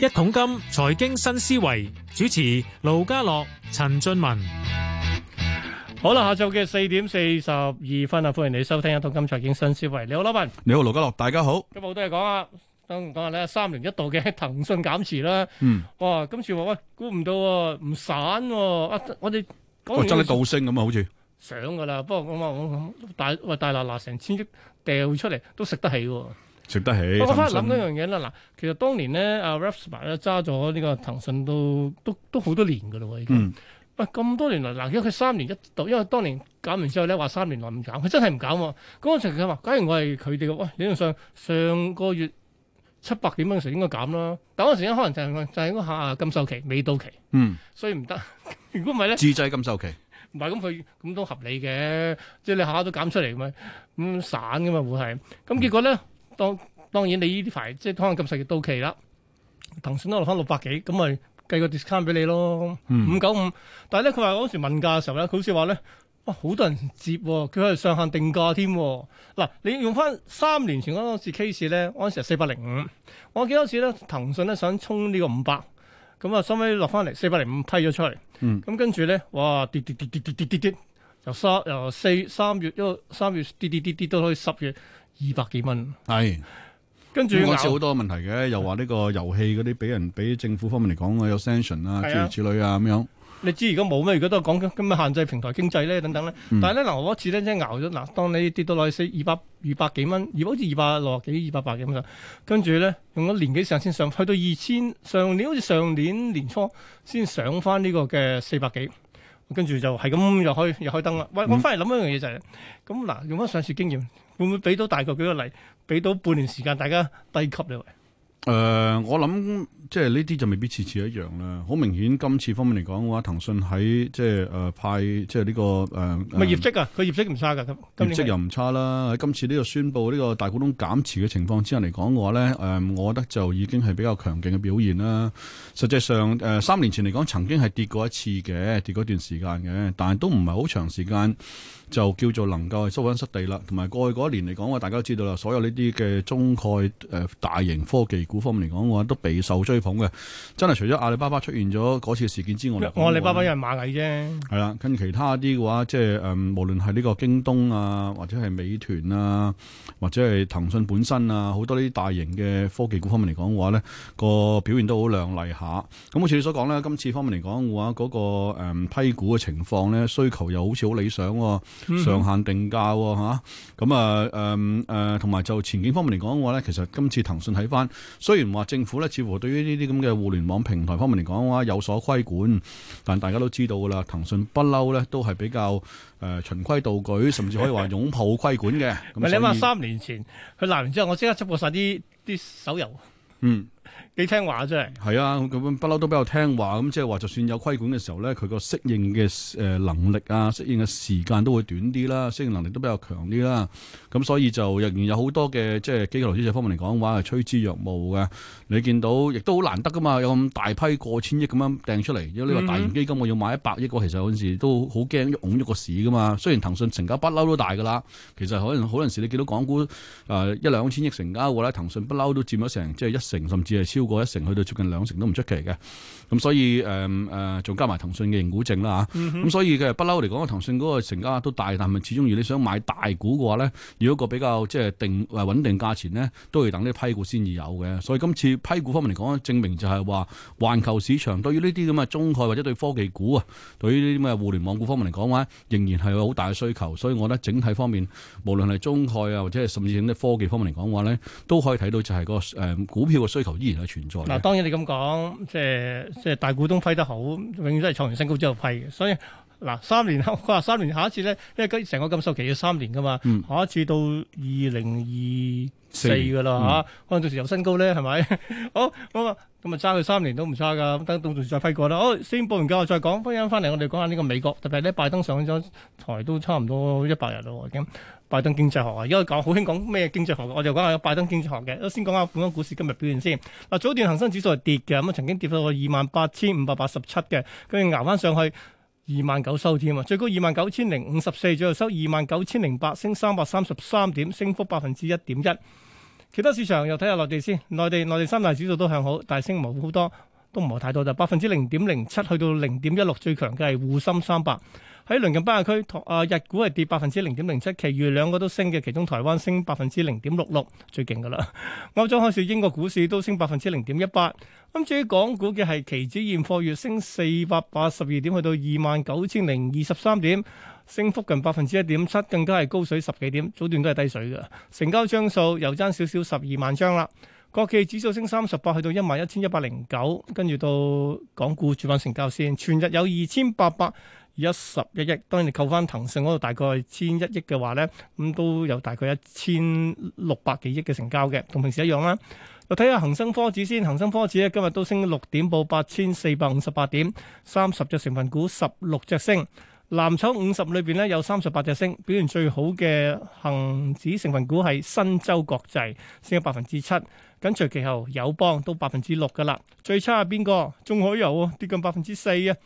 一桶金財經新思維主持盧家樂、陳俊文，好啦，下晝嘅四點四十二分啊，歡迎你收聽一桶金財經新思維。你好，老闆，你好，盧家樂，大家好。今日好多嘢講啊，等講下咧，三年一度嘅騰訊減持啦，嗯，哇，今次話喂，估唔到，唔散，我我哋講真啲倒升咁啊，好似想噶啦，不過我話我咁大喂大辣辣成千億掉出嚟都食得起。值得起。我我刻諗一樣嘢啦，嗱心，其實當年咧，阿、啊、Naspers 咧揸咗呢個騰訊都都都好多年噶啦，已經、嗯。喂、啊，咁多年嚟，嗱、啊，因為佢三年一度，因為當年減完之後咧話三年內唔減，佢真係唔減。咁我成日話，假如我係佢哋嘅，喂、哎，理論上上個月七百幾蚊嘅時候應該減啦，但嗰陣時咧可能就係、是、就係、是就是、下禁售期未到期，嗯，所以唔得。如果唔係咧，自制禁售期唔係咁，佢咁都合理嘅，即、就、係、是、你下下都減出嚟咁樣咁散噶嘛會係咁，結果咧。嗯嗯當當然你呢啲牌即係可能咁十月到期啦，騰訊都落翻六百幾，咁咪計個 discount 俾你咯，五九五。但係咧佢話嗰時問價嘅時候咧，佢好似話咧，哇好多人接、啊，佢係上限定價添。嗱，你用翻三年前嗰陣時 case 咧，嗰陣時係四百零五。我幾多次咧，騰訊咧想衝個500、嗯、呢個五百，咁啊收尾落翻嚟四百零五批咗出嚟。咁跟住咧，哇跌跌跌跌跌跌跌跌，由三由四三月一路三月跌跌跌跌，到去十月。二百幾蚊係跟住咬好多問題嘅，又話呢個遊戲嗰啲俾人俾政府方面嚟講，有 sanction 啊，啊諸如此類啊咁樣。你知如果冇咩，如果都係講緊咁嘅限制平台經濟咧等等咧。但係咧嗱，嗯、我一次咧真係熬咗嗱。當你跌到落去四二百二百幾蚊，如果好似二百六啊幾二百八幾蚊，跟住咧用咗年幾上先上，去到二千上年好似上年年初先上翻呢個嘅四百幾，跟住就係咁又開又開燈啦。喂，我翻嚟諗一，想一想、嗯、樣嘢就係咁嗱，用翻上次經驗。會唔會俾到大概舉個例？俾到半年時間大家低級呢喂。誒、呃，我諗。即係呢啲就未必次次一樣啦。好明顯，今次方面嚟講嘅話，騰訊喺即係誒、呃、派即係、這、呢個誒，咪、呃、業績啊，佢業績唔差㗎，今年 業績又唔差啦。喺今次呢個宣布呢、這個大股東減持嘅情況之下嚟講嘅話咧，誒、呃，我覺得就已經係比較強勁嘅表現啦。實際上誒、呃，三年前嚟講曾經係跌過一次嘅，跌過一段時間嘅，但係都唔係好長時間就叫做能夠收穩失地啦。同埋過去嗰一年嚟講嘅話，大家都知道啦，所有呢啲嘅中概誒大型科技股方面嚟講嘅話，都備受追。嘅真係除咗阿里巴巴出現咗嗰次事件之外，阿里巴巴有人螞蟻啫，係啦，跟其他啲嘅話，即係誒，無論係呢個京東啊，或者係美團啊，或者係騰訊本身啊，好多呢啲大型嘅科技股方面嚟講嘅話咧，呢個表現都好亮麗下。咁好似你所講咧，今次方面嚟講嘅話，嗰、那個、嗯、批股嘅情況咧，需求又好似好理想、哦，上限定價吓、哦，咁、嗯、啊誒誒，同、嗯、埋、啊、就前景方面嚟講嘅話咧，其實今次騰訊睇翻，雖然話政府咧似乎對於呢啲咁嘅互聯網平台方面嚟講嘅話，有所規管，但大家都知道噶啦，騰訊不嬲咧，都係比較誒循、呃、規蹈矩，甚至可以話擁抱規管嘅。唔係 你諗下三年前佢鬧完之後，我即刻出過晒啲啲手遊。嗯。幾聽話啫，係，啊，咁不嬲都比較聽話，咁即係話就算有規管嘅時候咧，佢個適應嘅誒能力啊，適應嘅時間都會短啲啦，適應能力都比較強啲啦，咁所以就仍然有好多嘅即係機構投資者方面嚟講話係趨之若鶩嘅。你見到亦都好難得噶嘛，有咁大批過千億咁樣掟出嚟。如果你話大型基金我要買一百億嘅話，其實有陣時都好驚郁拱郁個市噶嘛。雖然騰訊成交不嬲都大噶啦，其實可能好陣時你見到港股誒一兩千億成交嘅咧，騰訊不嬲都佔咗成即係一成甚至超過一成去到接近兩成都唔出奇嘅，咁、嗯、所以誒誒，仲、嗯呃、加埋騰訊嘅認股證啦吓，咁、啊嗯哼嗯、所以嘅不嬲嚟講，騰訊嗰個成交額都大，但係始終如你想買大股嘅話咧，如果個比較即係定穩定價錢咧，都要等啲批股先至有嘅。所以今次批股方面嚟講，證明就係話環球市場對於呢啲咁嘅中概或者對科技股啊，對於呢啲咁嘅互聯網股方面嚟講咧，仍然係有好大嘅需求。所以我覺得整體方面，無論係中概啊，或者甚至係啲科技方面嚟講嘅話咧，都可以睇到就係個誒股票嘅需求依然。存在嗱，當然你咁講，即係即係大股東批得好，永遠都係創完新高之後批嘅。所以嗱，三年後三年下一次咧，因為成個禁售期要三年噶嘛，嗯、下一次到二零二四噶啦嚇，嗯、可能到時有新高咧，係咪？好，咁啊，咁啊爭佢三年都唔差噶，等到時再批過啦。好，先報完價我再講。翻返翻嚟，我哋講下呢個美國，特別係咧，拜登上咗台都差唔多一百日咯，我見。拜登經濟學啊，而家講好興講咩經濟學，我就講下有拜登經濟學嘅。先講下本港股市今日表現先。嗱，早段恒生指數係跌嘅，咁曾經跌到二萬八千五百八十七嘅，跟住捱翻上去二萬九收添啊，最高二萬九千零五十四，最後收二萬九千零八，升三百三十三點，升幅百分之一點一。其他市場又睇下內地先，內地內地三大指數都向好，但係升冇好多，都唔係太多，就百分之零點零七去到零點一六，最強嘅係滬深三百。喺鄰近北亞區，啊日股係跌百分之零點零七，其餘兩個都升嘅，其中台灣升百分之零點六六，最勁噶啦。歐洲開市，英國股市都升百分之零點一八。咁至於港股嘅係期指現貨月升四百八十二點，去到二萬九千零二十三點，升幅近百分之一點七，更加係高水十幾點，早段都係低水嘅。成交張數又差少少，十二萬張啦。國企指數升三十八，去到一萬一千一百零九，跟住到港股主板成交先，全日有二千八百。而家十一億，當然你扣翻騰訊嗰度大概千一億嘅話呢，咁都有大概一千六百幾億嘅成交嘅，同平時一樣啦。嚟睇下恒生科指先，恒生科指咧今日都升六點，報八千四百五十八點，三十隻成分股十六隻升，藍籌五十裏邊呢，有三十八隻升，表現最好嘅恒指成分股係申洲國際，升咗百分之七，緊隨其後友邦都百分之六噶啦，最差係邊個？中海油跌近百分之四啊！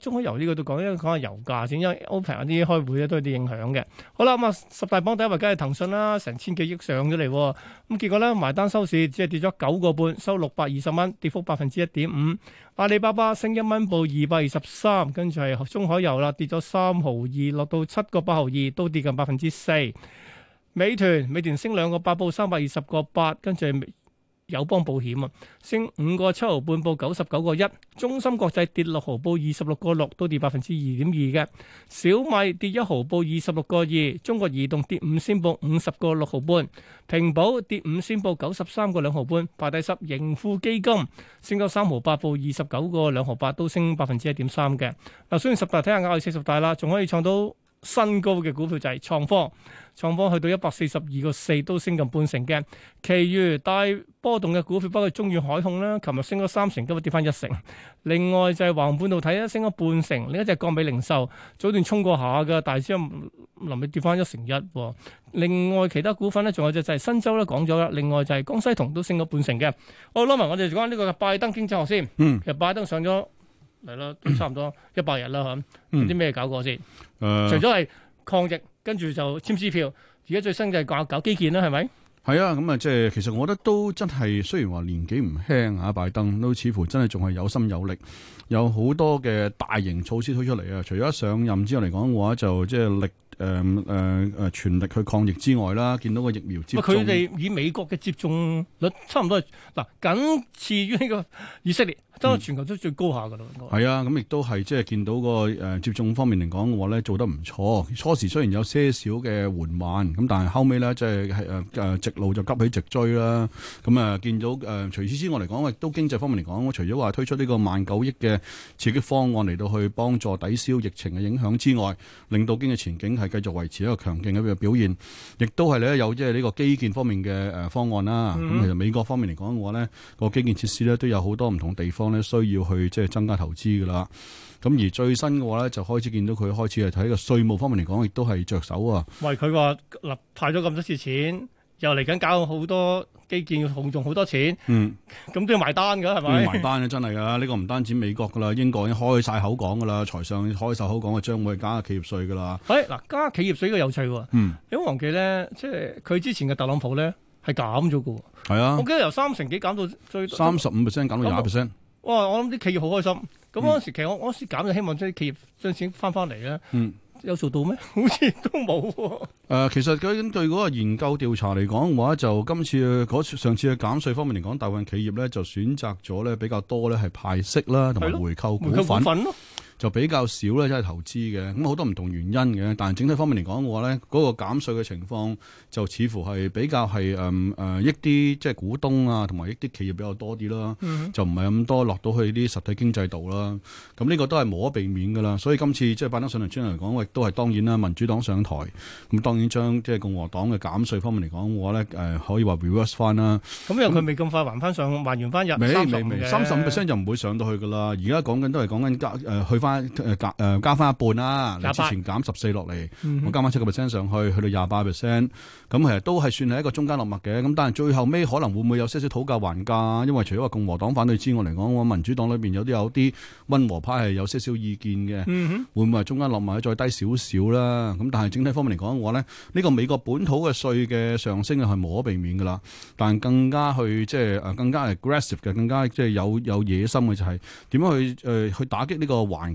中海油呢個都講，因為講下油價先，因為 Open 啲開會咧都有啲影響嘅。好啦，咁啊十大榜第一位梗係騰訊啦，成千幾億上咗嚟，咁結果咧埋單收市只係跌咗九個半，收六百二十蚊，跌幅百分之一點五。阿里巴巴升一蚊，報二百二十三，跟住係中海油啦，跌咗三毫二，落到七個八毫二，都跌近百分之四。美團，美團升兩個八，報三百二十個八，跟住係。友邦保險啊，升五個七毫半，報九十九個一。中芯國際跌六毫，報二十六個六，都跌百分之二點二嘅。小米跌一毫，報二十六個二。中國移動跌五仙，報五十個六毫半。平保跌五仙，報九十三個兩毫半。排第十盈富基金升咗三毫八，報二十九個兩毫八，都升百分之一點三嘅。嗱，雖然十大睇下亞太四十大啦，仲可以創到。新高嘅股票就係創科，創科去到一百四十二個四都升近半成嘅。其餘帶波動嘅股票，包括中遠海控啦，琴日升咗三成，今日跌翻一成。另外就係橫半導體啦，升咗半成。另一隻國美零售早段衝過下嘅，但係之後臨尾跌翻一成一。另外其他股份咧，仲有隻就係新洲咧講咗啦。另外就係江西銅都升咗半成嘅。好啦，埋我哋講翻呢個拜登經濟學先。嗯，其實拜登上咗。係咯，差唔多一百日啦嚇。啲咩、嗯、搞過先？呃、除咗係抗疫，跟住就簽支票。而家最新就係搞基建啦，係咪？係啊，咁啊，即係其實我覺得都真係，雖然話年紀唔輕啊，拜登都似乎真係仲係有心有力，有好多嘅大型措施推出嚟啊！除咗上任之後嚟講嘅話，就即係力誒誒誒，全力去抗疫之外啦，見到個疫苗接種。佢哋以美國嘅接種率差唔多，嗱、啊，僅次於呢個以色列。真係全球都最高下㗎喇，應該係、嗯、啊，咁、嗯、亦都係即係見到個誒、呃、接種方面嚟講嘅話咧，做得唔錯。初時雖然有些少嘅緩慢，咁但係後尾咧即係係誒誒直路就急起直追啦。咁、嗯、啊、呃、見到誒除此之外嚟講，亦都經濟方面嚟講，我除咗話推出呢個萬九億嘅刺激方案嚟到去幫助抵消疫情嘅影響之外，令到經濟前景係繼續維持一個強勁嘅表現。亦都係咧有即係呢個基建方面嘅誒、呃、方案啦。咁、嗯嗯、其實美國方面嚟講嘅話咧，個基建設施咧都有好多唔同地方。需要去即係增加投資噶啦，咁而最新嘅話咧就開始見到佢開始係睇個稅務方面嚟講，亦都係着手啊。喂，佢話嗱，派咗咁多次錢，又嚟緊搞好多基建，要動用好多錢。嗯，咁都要埋單噶係咪？埋單啊，真係噶，呢個唔單止美國噶啦，英國已經開晒口講噶啦，財相開晒口講，會將會加企業稅噶啦。嗱、哎，加企業稅個有趣喎。嗯，你唔好忘記咧，即係佢之前嘅特朗普咧係減咗噶。係啊，嗯、我記得由三成幾減到最三十五 percent 減到廿 percent。哇！我諗啲企業好開心。咁嗰陣時、嗯、其實我嗰陣時減就希望將啲企業將錢翻翻嚟咧。嗯，有做到咩？好 似都冇喎有、啊呃。其實究竟對嗰個研究調查嚟講嘅話，就今次，次上次嘅減稅方面嚟講，大部分企業咧就選擇咗咧比較多咧係派息啦，同埋回購股，的股份、啊。就比較少咧，即係投資嘅，咁、嗯、好多唔同原因嘅。但係整體方面嚟講嘅話咧，嗰、那個減稅嘅情況就似乎係比較係誒誒益啲，即係股東啊，同埋益啲企業比較多啲啦。嗯、就唔係咁多落到去啲實體經濟度啦。咁、嗯、呢、這個都係冇可避免㗎啦。所以今次即係拜登上台專嚟講，亦都係當然啦，民主黨上台，咁、嗯、當然將即係共和黨嘅減稅方面嚟講嘅話咧，誒、呃、可以話 reverse 翻啦。咁因為佢未咁快還翻上還完翻入，三十五 percent 就唔會上到去㗎啦。而家講緊都係講緊加去加誒加誒加翻一半啦，你之前減十四落嚟，我加翻七個 percent 上去，去到廿八 percent，咁其實都係算係一個中間落墨嘅。咁但係最後尾可能會唔會有些少討價還價？因為除咗話共和黨反對之外嚟講，我民主黨裏邊有啲有啲溫和派係有些少意見嘅，會唔會係中間落墨再低少少啦？咁但係整體方面嚟講嘅話咧，呢個美國本土嘅稅嘅上升係無可避免噶啦。但係更加去即係誒更加 aggressive 嘅，更加即係有有野心嘅就係點樣去誒去打擊呢個環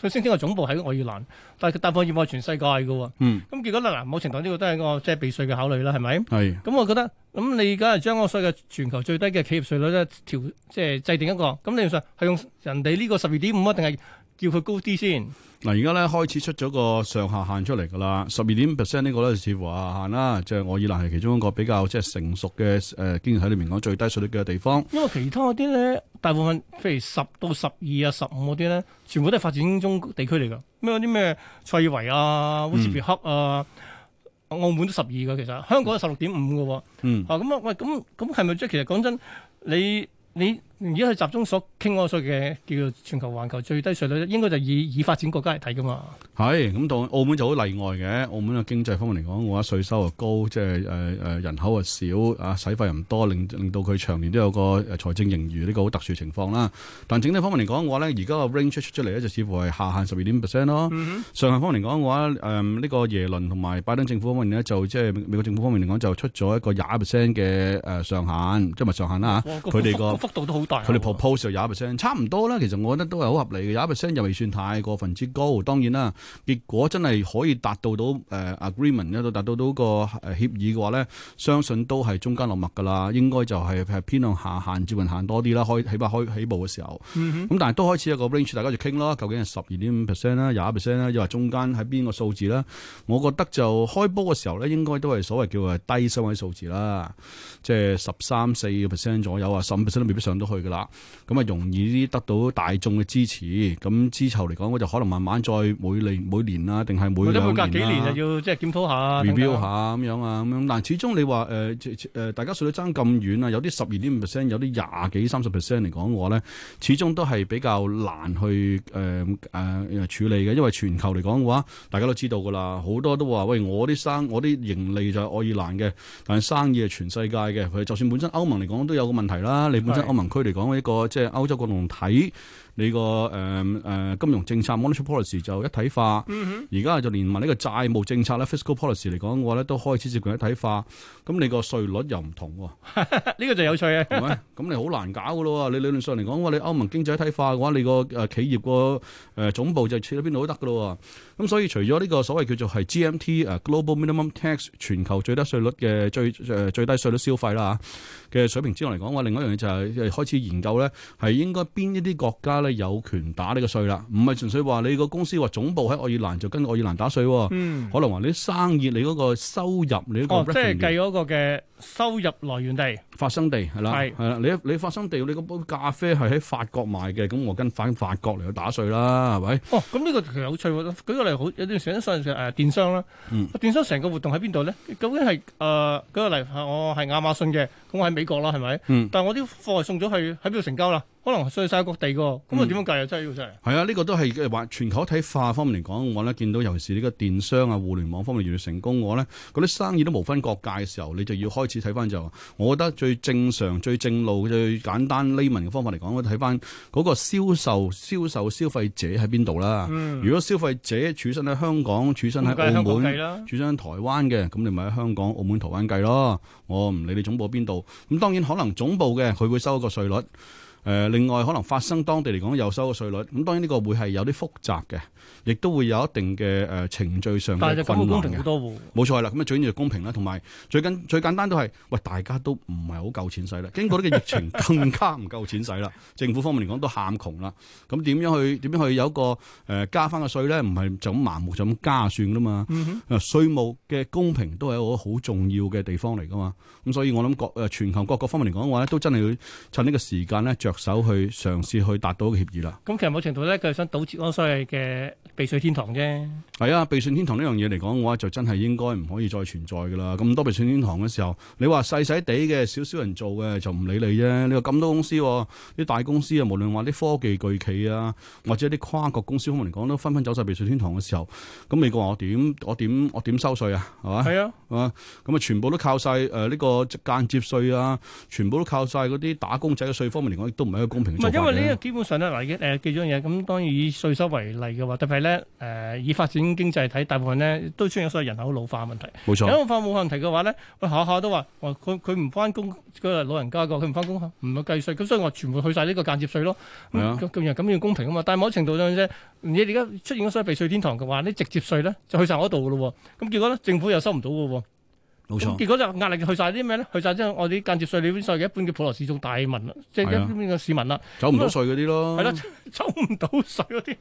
佢升天嘅總部喺愛爾蘭，但係佢但放業務係全世界嘅喎。嗯，咁結果嗱，某程度呢個都係一個即係避稅嘅考慮啦，係咪？係是。咁、嗯、我覺得，咁、嗯、你而家將嗰個所謂嘅全球最低嘅企業稅率咧，調即係制定一個，咁、嗯、理論上係用人哋呢個十二點五啊，定係叫佢高啲先？嗱，而家咧開始出咗個上下限出嚟㗎啦，十二點五 percent 呢個咧，似乎下限啦，即、就、係、是、愛爾蘭係其中一個比較即係成熟嘅誒、呃、經濟裏面講最低稅率嘅地方。因為其他嗰啲咧。大部分譬如十到十二啊，十五嗰啲咧，全部都係發展中地區嚟㗎。咩嗰啲咩塞爾維亞啊，烏茲別克啊，澳門都十二㗎其實，香港係十六點五㗎喎。嗯啊，咁啊，喂，咁，咁係咪即係其實講真你你？你而家係集中所傾嗰個稅嘅叫做全球環球最低稅率咧，應該就以以發展國家嚟睇噶嘛。係，咁當澳門就好例外嘅。澳門嘅經濟方面嚟講，嘅話稅收又高，即係誒誒人口又少啊，使費又唔多，令令到佢長年都有個財政盈餘呢、這個好特殊情況啦。但整體方面嚟講嘅話呢而家個 range 出嚟呢，就似乎係下限十二點 percent 咯。嗯、哼上限方面嚟講嘅話，誒、呃、呢、這個耶倫同埋拜登政府方面呢，就即係、就是、美國政府方面嚟講就出咗一個廿 percent 嘅誒上限，即、就、係、是、上限啦、啊、嚇。佢哋個幅度都好、哦。哦哦佢哋 propose 就廿一 percent，差唔多啦。其實我覺得都係好合理嘅，廿一 percent 又未算太過分之高。當然啦，結果真係可以達到、呃、達到誒 agreement，達到達到到個誒協議嘅話咧，相信都係中間落墨噶啦。應該就係偏向下限接近限多啲啦，開起碼開起步嘅時候。咁、嗯、哼但係都開始一個 range，大家就傾啦。究竟係十二點五 percent 啦，廿一 percent 啦，又話中間喺邊個數字啦？我覺得就開波嘅時候咧，應該都係所謂叫係低收位數字啦，即係十三四個 percent 左右啊，十五 percent 都未必上到去。噶啦，咁啊容易啲得到大眾嘅支持，咁資籌嚟講，我就可能慢慢再每年每年啦，定係每，每隔幾年就要即係檢討下、review 下咁樣啊咁樣。但係等始終你話誒誒，大家數都爭咁遠啊，有啲十二點五 percent，有啲廿幾三十 percent 嚟講嘅話咧，始終都係比較難去誒誒、呃呃、處理嘅，因為全球嚟講嘅話，大家都知道噶啦，好多都話喂，我啲生我啲盈利就係愛爾蘭嘅，但係生意係全世界嘅，佢就算本身歐盟嚟講都有個問題啦，你本身歐盟區嚟講一個即係歐洲共同體。你個誒誒金融政策 monetary policy 就一體化，而家、嗯、哼就連埋呢個債務政策咧 fiscal policy 嚟講嘅話咧， 都開始接近一體化。咁你個稅率又唔同喎，呢 個就有趣啊，係咪？咁你好難搞嘅咯喎。你理論上嚟講，你歐盟經濟一體化嘅話，你個誒企業個誒總部就設喺邊度都得嘅咯。咁所以除咗呢個所謂叫做係 GMT 誒 global minimum tax 全球最低稅率嘅最誒最低稅率消費啦嘅水平之外嚟講，我另外一樣嘢就係、是、開始研究咧，係應該邊一啲國家咧？有權打呢個稅啦，唔係純粹話你個公司話總部喺愛爾蘭就跟愛爾蘭打稅，嗯、可能話你生意你嗰個收入你個 revenue，哦，即係計嗰個嘅收入來源地發生地係啦，係啦，你的你發生地你嗰杯咖啡係喺法國賣嘅，咁我跟翻法國嚟去打稅啦，係咪？哦，咁呢個其實有趣喎，舉個例好，有啲想身嘅誒電商啦，電商成個活動喺邊度咧？究竟係誒舉個例，我係亞馬遜嘅，咁我喺美國啦，係咪？嗯、但係我啲貨係送咗去喺邊度成交啦？可能稅晒各地噶，咁啊點樣計啊？真係要真係係啊？呢個都係嘅話，全球一體化方面嚟講，我咧見到尤其是呢個電商啊、互聯網方面越嚟越成功，嘅我咧嗰啲生意都無分各界嘅時候，你就要開始睇翻就。我覺得最正常、最正路、最簡單、匿 e 嘅方法嚟講，我睇翻嗰個銷售、銷售消費、消費者喺邊度啦。如果消費者處身喺香港、處身喺澳門、處身喺台灣嘅，咁你咪喺香港、澳門、台灣計咯。我唔理你總部邊度，咁當然可能總部嘅佢會收一個稅率。誒另外可能發生當地嚟講又收嘅稅率，咁當然呢個會係有啲複雜嘅，亦都會有一定嘅誒、呃、程序上嘅困難嘅。冇錯啦，咁啊最緊要公平啦、啊，同埋最，最緊最簡單都係喂大家都唔係好夠錢使啦，經過呢個疫情更加唔夠錢使啦， 政府方面嚟講都喊窮啦。咁點樣去點樣去有個誒、呃、加翻個稅咧？唔係就咁盲目就咁加就算㗎嘛。誒、嗯哼啊、稅務嘅公平都係一個好重要嘅地方嚟㗎嘛。咁所以我諗各誒全球各各方面嚟講嘅話咧，都真係要趁呢個時間咧着手去嘗試去達到協議啦。咁其實某程度咧，佢係想堵截嗰啲所謂嘅避稅天堂啫。係啊，避稅天堂呢樣嘢嚟講，嘅話就真係應該唔可以再存在噶啦。咁多避稅天堂嘅時候，你話細細地嘅少少人做嘅就唔理你啫。你話咁多公司，啲大公司啊，無論話啲科技巨企啊，或者啲跨國公司可能嚟講，都紛紛走曬避稅天堂嘅時候，咁美國話我點？我點？我點收稅啊？係嘛？係啊，係嘛？咁啊，全部都靠曬誒呢個間接稅啊，全部都靠曬嗰啲打工仔嘅稅方面嚟講。唔係，都一個公平，因為呢個基本上咧嗱，嘅誒幾種嘢，咁、嗯、當然以稅收為例嘅話，特別咧誒、呃，以發展經濟睇，大部分咧都出現咗所謂人口老化問題。冇錯，老化冇問題嘅話咧，下下都話話佢佢唔翻工，佢係老人家個，佢唔翻工唔去計稅，咁所以我全部去晒呢個間接稅咯。咁、啊嗯、樣咁要公平啊嘛，但某程度上啫，你而家出現咗所謂避稅天堂嘅話，你直接稅咧就去晒嗰度噶咯，咁結果咧政府又收唔到嘅喎。冇錯，結果就壓力去晒啲咩咧？去晒即係我哋啲間接稅、啲邊稅嘅，一般嘅普羅市眾大民，即係邊嘅市民啦，走唔到稅嗰啲咯，係咯、啊，走唔到稅嗰啲，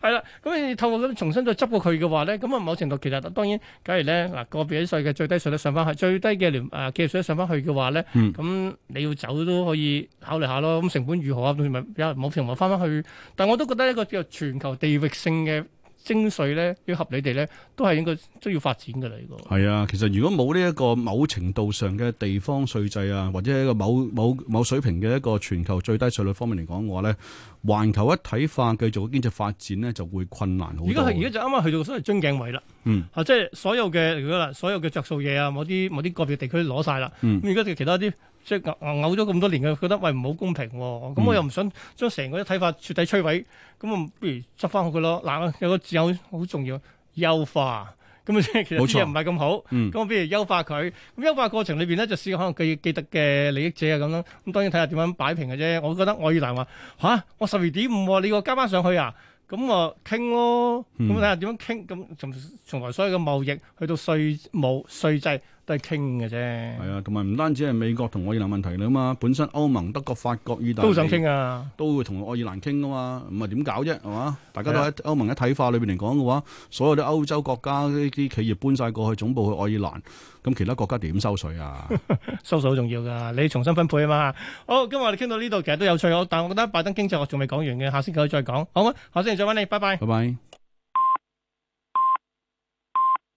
係啦。咁你、啊、透過咁重新再執過佢嘅話咧，咁啊某程度其實當然，假如咧嗱個別啲稅嘅最低稅率上翻去，最低嘅廉啊，嘅、呃、稅率上翻去嘅話咧，咁你要走都可以考慮下咯。咁成本如何啊？咪埋有冇成本翻翻去？但我都覺得一個叫全球地域性嘅。徵稅，咧要合理哋咧，都係應該都要發展嘅啦。呢個係啊，其實如果冇呢一個某程度上嘅地方稅制啊，或者一個某某某水平嘅一個全球最低稅率方面嚟講嘅話咧，環球一體化繼續經濟發展呢就會困難好多。而家就啱啱去到所謂樽頸位啦。嗯，啊即係、就是、所有嘅如果啦，所有嘅着數嘢啊，某啲某啲個別地區攞晒啦。咁而家嘅其他啲。即係拗拗咗咁多年嘅，覺得喂唔好公平喎，咁、哦嗯、我又唔想將成個啲睇法徹底摧毀，咁啊，不如執翻好佢咯。嗱，有個字好好重要，優化，咁啊，即係其實好似又唔係咁好，咁我、嗯、不如優化佢。咁優化過程裏邊咧，就試下可能佢既得嘅利益者啊咁啦。咁當然睇下點樣擺平嘅啫。我覺得愛爾蘭話吓，我十二點五喎，你個加翻上去啊，咁啊傾咯，咁睇下點樣傾。咁從從，從來所有嘅貿易去到稅務稅制。都係傾嘅啫，係啊，同埋唔單止係美國同愛爾蘭問題啦嘛，本身歐盟德國法國意大利都好想傾啊，都會同愛爾蘭傾噶嘛，咁啊點搞啫，係嘛？大家都喺歐盟一體化裏邊嚟講嘅話，所有啲歐洲國家呢啲企業搬曬過去總部去愛爾蘭，咁其他國家點收稅啊？收稅好重要㗎，你重新分配啊嘛。好，今日我哋傾到呢度，其實都有趣好。但係我覺得拜登經濟學我仲未講完嘅，下星期再講，好唔好？下星期再揾你，拜拜。拜拜。